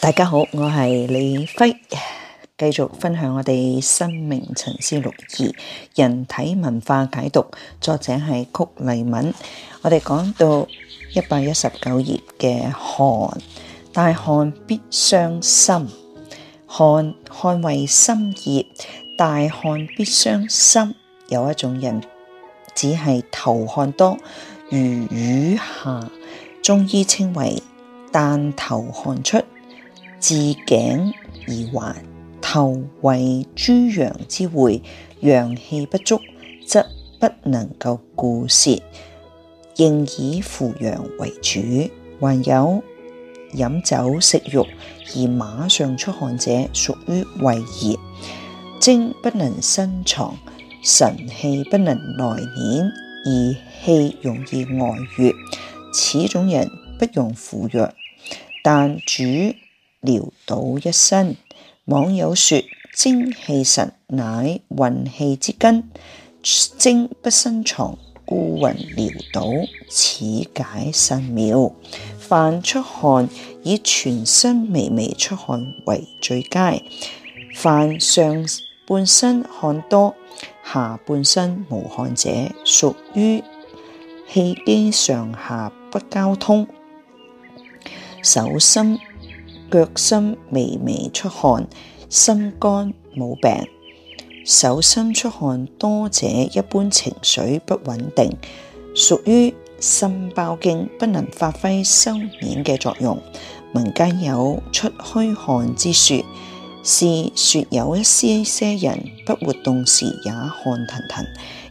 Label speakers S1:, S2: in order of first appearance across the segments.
S1: 大家好，我係李輝，繼續分享我哋《生命沉思錄二人體文化解讀》，作者係曲黎敏。我哋講到一百一十九頁嘅汗，大汗必傷心，汗，汗為心熱，大汗必傷心。有一種人只係頭汗多，如雨下，中醫稱為但頭汗出。至頸而還，頭為諸陽之會，陽氣不足，則不能夠固攝，應以扶陽為主。還有飲酒食肉而馬上出汗者，屬於胃熱，精不能深藏，神氣不能內斂，而氣容易外越。此種人不用扶陽，但主。潦倒一身，網友說：精氣神乃運氣之根，精不身藏，故云潦倒，此解甚妙。凡出汗，以全身微微出汗為最佳。凡上半身汗多，下半身無汗者，屬於氣機上下不交通，手心。腳心微微出汗，心肝冇病；手心出汗多者，一般情緒不穩定，屬於心包經不能發揮收斂嘅作用。民間有出虛汗之說，是說有一些些人不活動時也汗騰騰，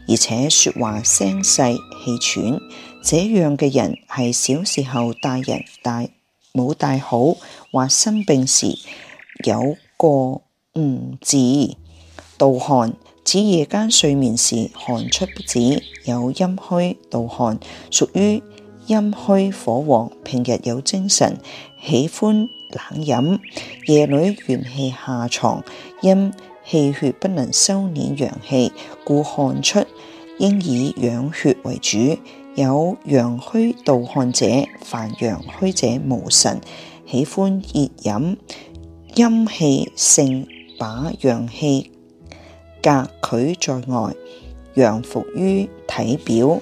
S1: 而且說話聲細氣喘，這樣嘅人係小時候大人大。冇帶好或生病時有個誤字盜汗，指夜間睡眠時汗出不止，有陰虛盜汗，屬於陰虛火旺。平日有精神，喜歡冷飲，夜裏元氣下床，因氣血不能收斂陽氣，故汗出，應以養血為主。有陽虛盜汗者，凡陽虛者無神，喜歡熱飲，陰氣盛把陽氣隔拒在外，陽伏於體表，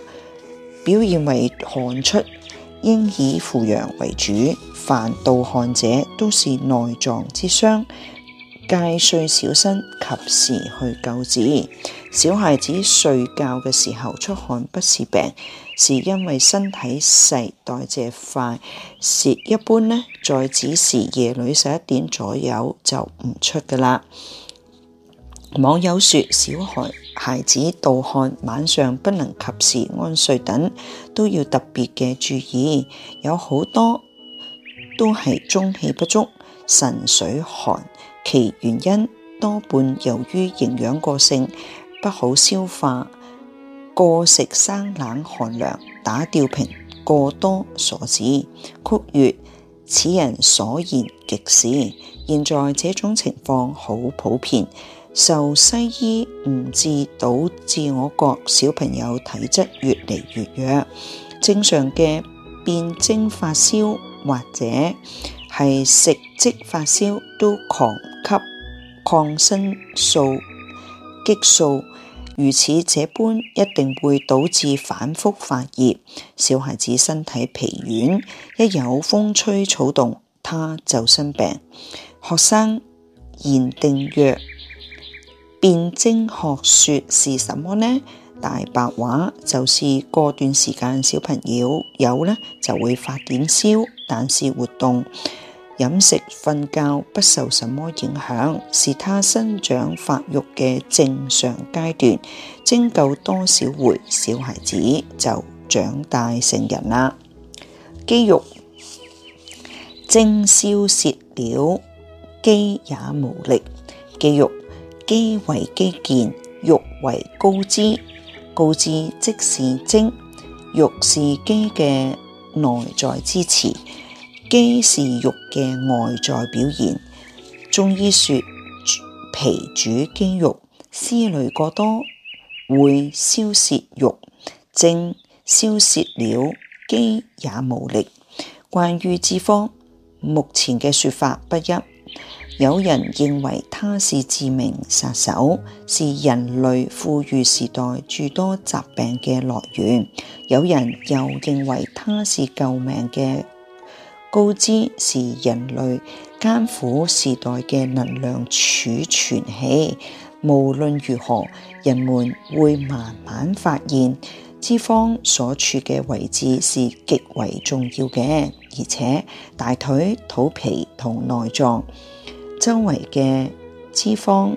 S1: 表現為汗出，應以扶陽為主。凡盜汗者都是內臟之傷，皆需小心及時去救治。小孩子睡覺嘅時候出汗不是病。是因為身體細代謝快，是一般呢在子時夜裏十一點左右就唔出㗎喇。網友說小孩孩子盜汗晚上不能及時安睡等都要特別嘅注意，有好多都係中氣不足、腎水寒，其原因多半由於營養過剩，不好消化。過食生冷寒涼，打吊瓶過多所，所致。曲月，此人所言極是。現在這種情況好普遍，受西醫誤治導致我國小朋友體質越嚟越弱。正常嘅變征發燒或者係食積發燒都狂吸抗生素激素。如此這般，一定會導致反覆發熱。小孩子身體疲軟，一有風吹草動，他就生病。學生言定曰：辨證學說是什麼呢？大白話就是過段時間小朋友有呢，就會發點燒，但是活動。飲食瞓覺不受什麼影響，是他生長發育嘅正常階段。精夠多少回，小孩子就長大成人啦。肌肉精消泄了，肌也無力。肌肉肌為肌腱，肉為高脂，高脂即是精，肉是肌嘅內在支持。肌是肉嘅外在表現，中醫說脾主肌肉，思慮過多會消泄肉，正消泄了肌也無力。關於脂肪，目前嘅說法不一，有人認為它是致命殺手，是人類富裕時代諸多疾病嘅來源，有人又認為它是救命嘅。高脂是人類艱苦時代嘅能量儲存器。無論如何，人們會慢慢發現脂肪所處嘅位置是極為重要嘅，而且大腿、肚皮同內臟周圍嘅脂肪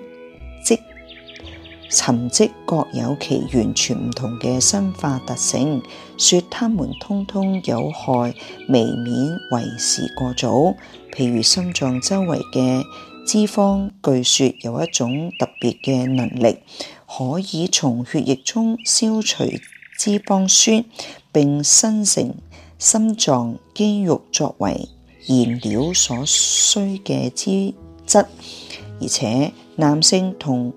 S1: 沉積各有其完全唔同嘅生化特性，說他們通通有害，未免為時過早。譬如心臟周圍嘅脂肪，據說有一種特別嘅能力，可以從血液中消除脂肪酸，並生成心臟肌肉作為燃料所需嘅脂質，而且男性同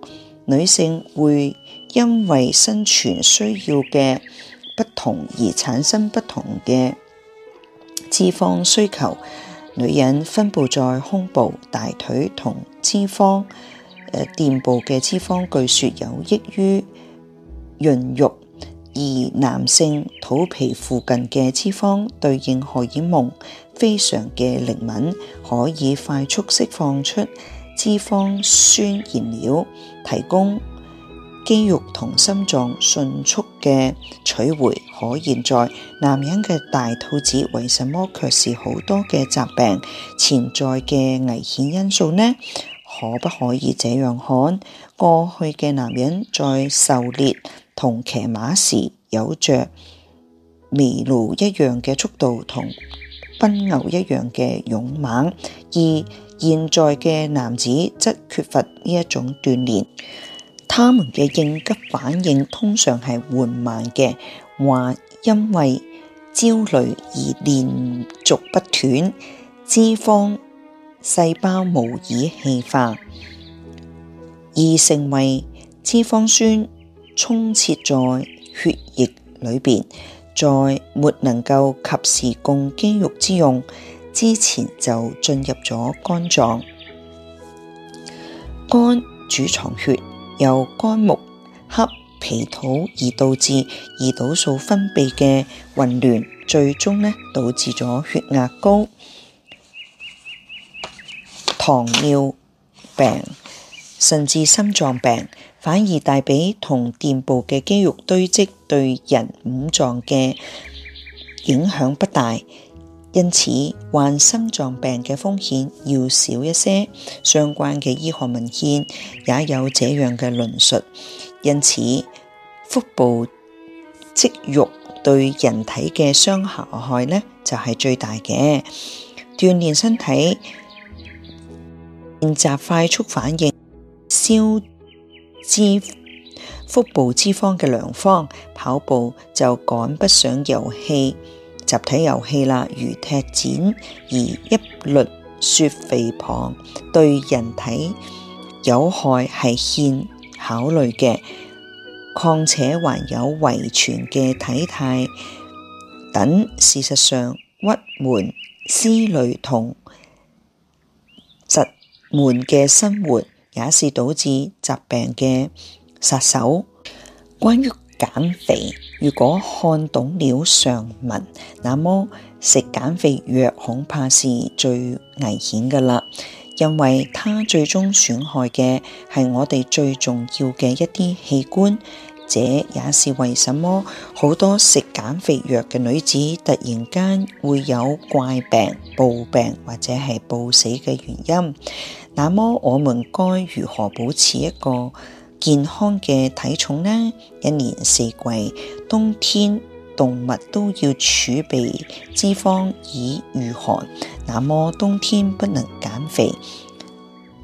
S1: 女性會因為生存需要嘅不同而產生不同嘅脂肪需求。女人分布在胸部、大腿同脂肪誒墊部嘅脂肪，呃、脂肪據說有益於孕育；而男性肚皮附近嘅脂肪，對應荷爾蒙非常嘅靈敏，可以快速釋放出，脂肪酸燃料提供肌肉同心臟迅速嘅取回。可現在男人嘅大肚子為什麼卻是好多嘅疾病潛在嘅危險因素呢？可不可以這樣看？過去嘅男人在狩獵同騎馬時，有着麋鹿一樣嘅速度同奔牛一樣嘅勇猛，而，現在嘅男子則缺乏呢一種鍛煉，他們嘅應急反應通常係緩慢嘅，話因為焦慮而連續不斷，脂肪細胞無以氣化，而成為脂肪酸充斥在血液裏邊，在沒能夠及時供肌肉之用。之前就進入咗肝臟，肝主藏血，由肝木克脾土而導致胰島素分泌嘅混亂，最終呢導致咗血壓高、糖尿病，甚至心臟病。反而大髀同臀部嘅肌肉堆積對人五臟嘅影響不大。因此，患心臟病嘅風險要少一些。相關嘅醫學文獻也有這樣嘅論述。因此，腹部積肉對人體嘅傷害呢，就係、是、最大嘅。鍛煉身體，練習快速反應、消脂、腹部脂肪嘅良方，跑步就趕不上遊戲。集體遊戲啦，如踢毽，而一律說肥胖對人體有害係欠考慮嘅。況且還有遺傳嘅體態等，事實上鬱悶、思慮同窒悶嘅生活也是導致疾病嘅殺手。關於減肥如果看懂了上文，那麼食減肥藥恐怕是最危險嘅啦，因為它最終損害嘅係我哋最重要嘅一啲器官，這也是為什麼好多食減肥藥嘅女子突然間會有怪病、暴病或者係暴死嘅原因。那麼我們該如何保持一個健康嘅體重呢，一年四季，冬天動物都要儲備脂肪以御寒。那麼冬天不能減肥。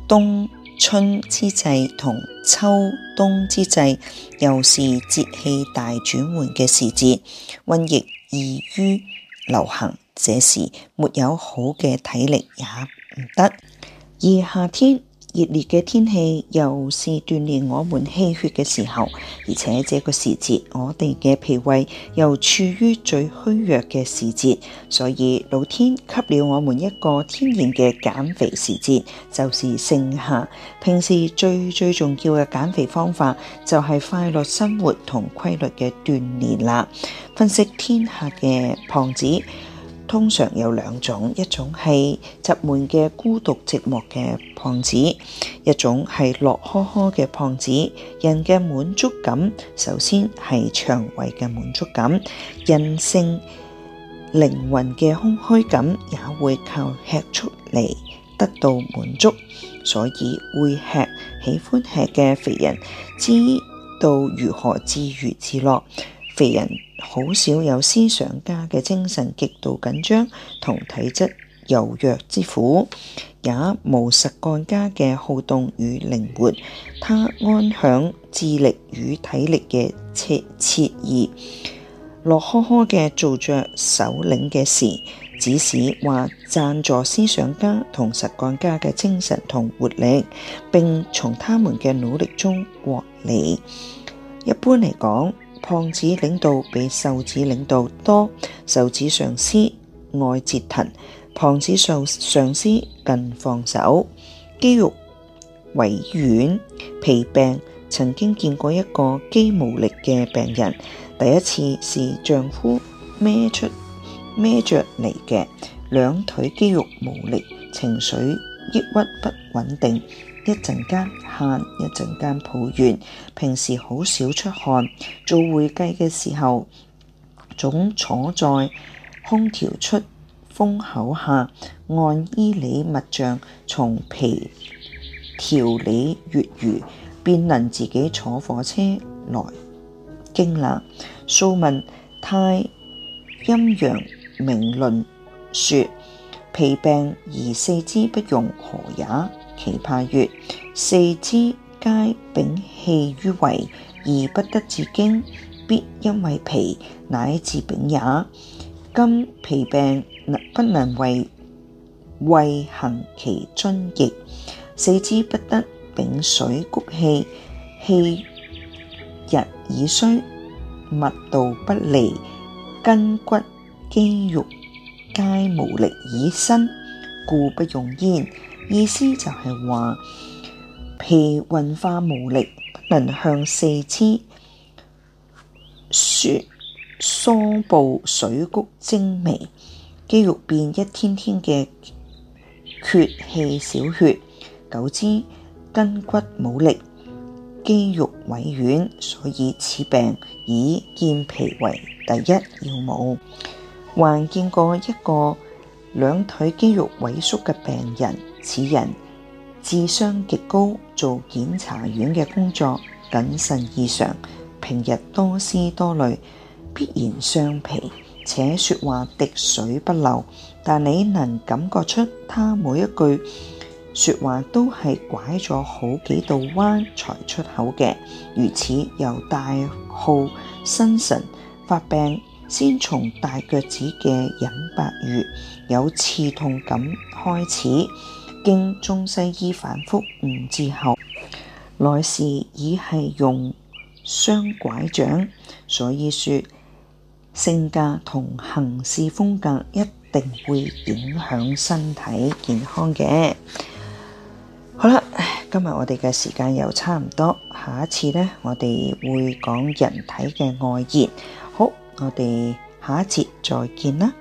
S1: 冬春之際同秋冬之際，又是節氣大轉換嘅時節，瘟疫易於流行。這時沒有好嘅體力也唔得。而夏天。熱烈嘅天氣又是鍛煉我們氣血嘅時候，而且這個時節我哋嘅脾胃又處於最虛弱嘅時節，所以老天給了我們一個天然嘅減肥時節，就是盛夏。平時最最重要嘅減肥方法，就係快樂生活同規律嘅鍛煉啦。分析天下嘅胖子。通常有兩種，一種係集悶嘅孤獨寂寞嘅胖子，一種係樂呵呵嘅胖子。人嘅滿足感首先係腸胃嘅滿足感，人性靈魂嘅空虛感也會靠吃出嚟得到滿足，所以會吃喜歡吃嘅肥人，知道如何自娛自樂。肥人好少有思想家嘅精神，極度緊張同體質柔弱之苦，也無實幹家嘅好動與靈活。他安享智力與體力嘅切切意，樂呵呵嘅做着首領嘅事，只是指使話贊助思想家同實幹家嘅精神同活力，並從他們嘅努力中獲利。一般嚟講。胖子領導比瘦子領導多，瘦子上司愛折騰，胖子上上司更放手。肌肉萎軟、疲病，曾經見過一個肌無力嘅病人，第一次是丈夫孭出孭着嚟嘅，兩腿肌肉無力，情緒抑鬱不穩定，一陣間。一陣間抱怨，平時好少出汗。做會計嘅時候，總坐在空調出風口下按醫理物像，從脾調理月餘，便能自己坐火車來京啦。素問太陰陽明論說脾病而四肢不用何也？岐伯曰。四肢皆秉氣於胃而不得自經，必因為脾乃至丙也。今脾病不能為胃行其津液，四肢不得丙水穀氣，氣日已衰，脈道不離，筋骨肌肉皆無力以身，故不用焉。意思就係話。其運化無力，不能向四肢說疏布水谷精微，肌肉變一天天嘅缺氣少血，久之筋骨冇力，肌肉萎軟，所以此病以健脾為第一要務。還見過一個兩腿肌肉萎縮嘅病人，此人。智商極高，做檢察院嘅工作，謹慎異常。平日多思多慮，必然傷脾，且說話滴水不漏。但你能感覺出他每一句說話都係拐咗好幾道彎才出口嘅。如此又大耗心神，發病先從大腳趾嘅隱白穴有刺痛感開始。經中西醫反覆醫治之後，來時已係用雙拐杖，所以說性格同行事風格一定會影響身體健康嘅。好啦，今日我哋嘅時間又差唔多，下一次呢，我哋會講人體嘅外熱。好，我哋下一次再見啦。